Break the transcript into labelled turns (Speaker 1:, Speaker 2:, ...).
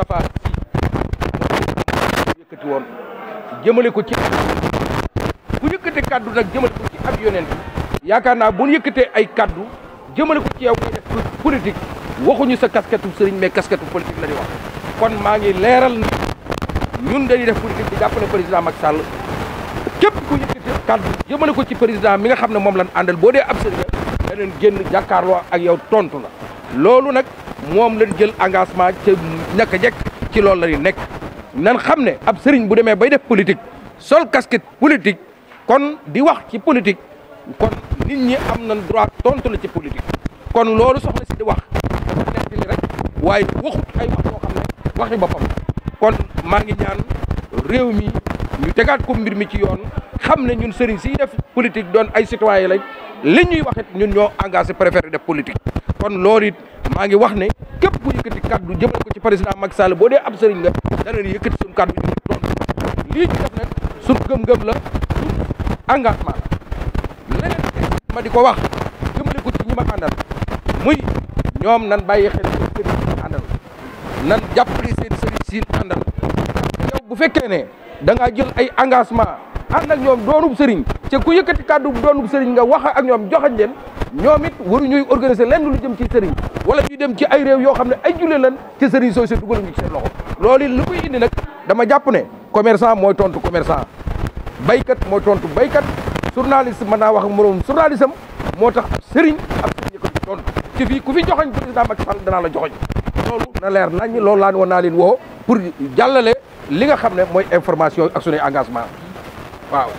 Speaker 1: Moustapha si yëkkati woon jëmale ko ci bu yëkkatee kaddu nag jëmale ko ci ab yonent yaakaar naa bu yëkkatee ay kàddu jëmale ko ci yow ngay def politique waxuñu sa kasketu sëriñ mais kasketu politique la wax kon maa ngi leeral ni ñun dañuy def politique di jàppale président Macky sàll képp ku yëkkatee kaddu jëmale ko ci président mi nga xam ne moom lan àndal boo dee ab sëriñ daneen génn jàkkaarloo ak yow tontu la loolu nag moom lañ jël engagement ñàkk a jekk ci loolu la nekk nan xam ne ab sëriñ bu demee bay def politique sol casquette politique kon di wax ci politique kon nit ñi am nañ droit tontu la ci politique kon loolu soxna si di wax dafa nettali rek waaye waxut ay wax yoo xam ne waxi boppam kon maa ngi ñaan réew mi ñu tegaat ko mbir mi ci yoon xam ne ñun sëriñ siy def politique doon ay citoyen lañ li ñuy wax it ñun ñoo engagé préféré de politique kon loolu it maa ngi wax ne képp ku yëkkati kàddu jëmale ko ci président Macky Sall boo dee ab sëriñ la dana yëkkati suñu kaddu ñu ngi doon lii gëm la engagement ma di ko wax jëmale ko muy ñoom nan bàyyi xel sëriñ si àndal nan jàpp seen sëriñ si àndal bu fekkee ne da ngaa jël ay engagement ànd ak ñoom doonub sëriñ te ku yëkkati kaddu doonub sëriñ nga wax ak ñoom joxañ leen ñoom it waru ñuy organiser lenn lu jëm ci sëriñ wala ñu dem ci ay réew yoo xam ne ay julle lan ci sëriñ sooy seen dugaluñu ci seen loxo loolu lu koy indi nag dama jàpp ne commerçant mooy tontu commerçant baykat mooy tontu baykat journaliste mën naa wax ak moroom journaliste am moo tax ab sëriñ ab ci tontu ci fii ku fi joxoñ président Macky Sall danaa la joxoñ loolu na leer nañ loolu laa woon naa leen woo pour jàllale li nga xam ne mooy information ak suñuy engagement waaw